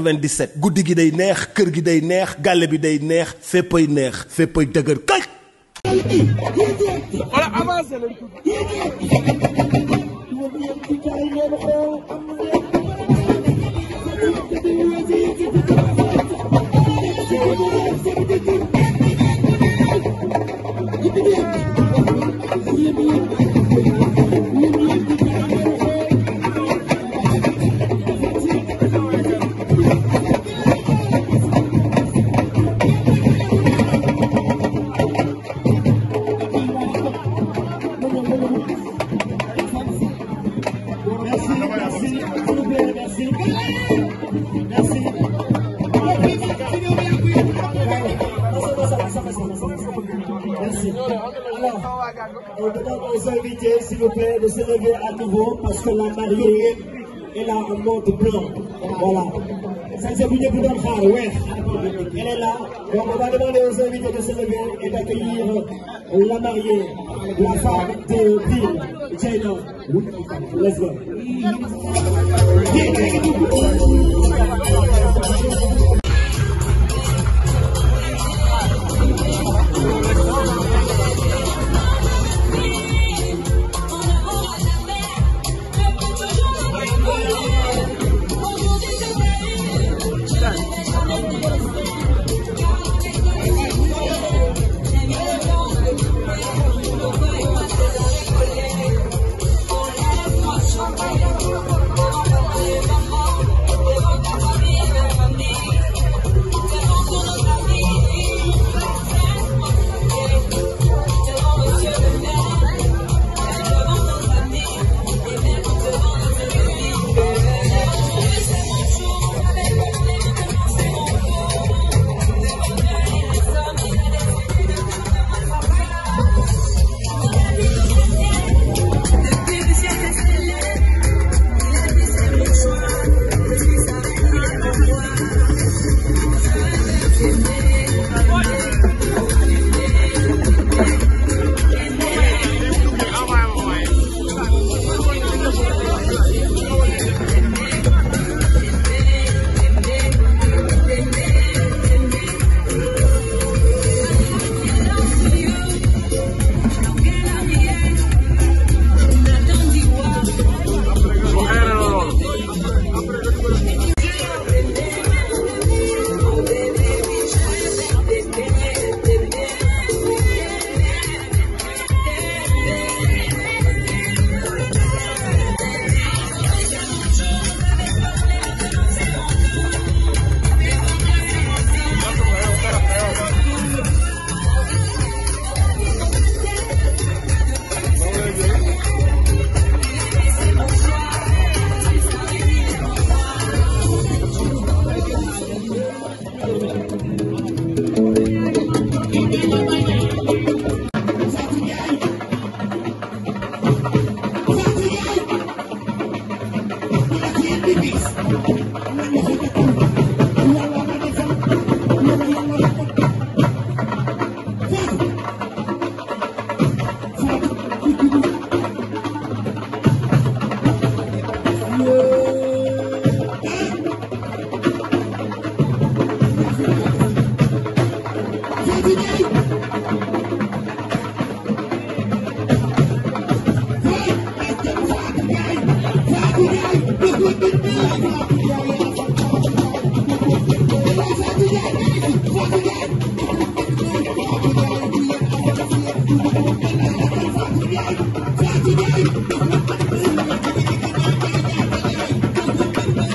97 guddi gi day neex kër gi day neex gàlle bi day neex féppay neex féppay dëgër kay wala avancé leen tuuti On demande aux invités, s'il vous plaît, de se lever à nouveau parce que la mariée est là en mode blanc. Voilà. Ça bu ñëpp doon xaar weex. Elle est là. Donc on va demander aux de se et d'accueillir la mariée, la femme de Bill, Dieyna. Let's go. thank you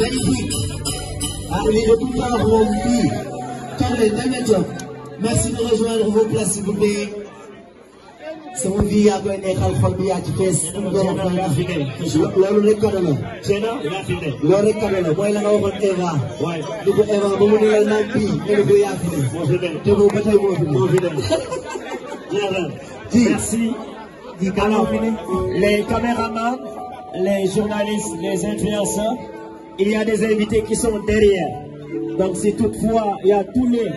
next week. Ah, il est de tout à rempli. Carmen, Damiato, merci de rejoindre vos places, s'il vous plaît. sama bii yaa koy neexal xol bi yaa ci fees. loolu rek kado la. loolu rek kado la mooy la nga waxoon Eva. du ko Eva ba mu ne la naan fii nga ne ko yaa fi ne. te boobu ba tey moo fi ne. merci. alors les caméramans les journalistes les influenceurs. il y a des invités qui sont derrière. Donc si toutefois, il a tous les...